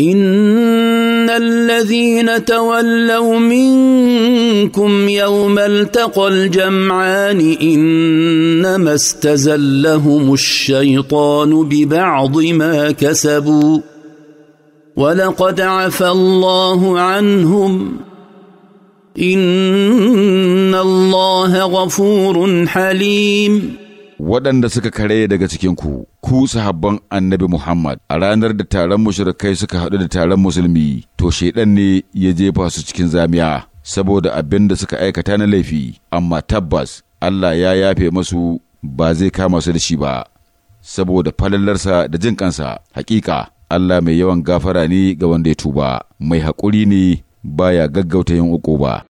ان الذين تولوا منكم يوم التقى الجمعان انما استزلهم الشيطان ببعض ما كسبوا ولقد عفى الله عنهم ان الله غفور حليم ودن suka kare daga ku sahabban annabi Muhammad a ranar da taron mushrikai suka haɗu da taron musulmi to shaidan ne ya jefa su cikin zamiya saboda abin da suka aikata na laifi amma tabbas Allah ya yafe masu ba zai kama su da shi ba saboda falallarsa da jin kansa hakika Allah mai yawan gafara ne ga wanda ya tuba mai haƙuri ne baya gaggauta yin uku ba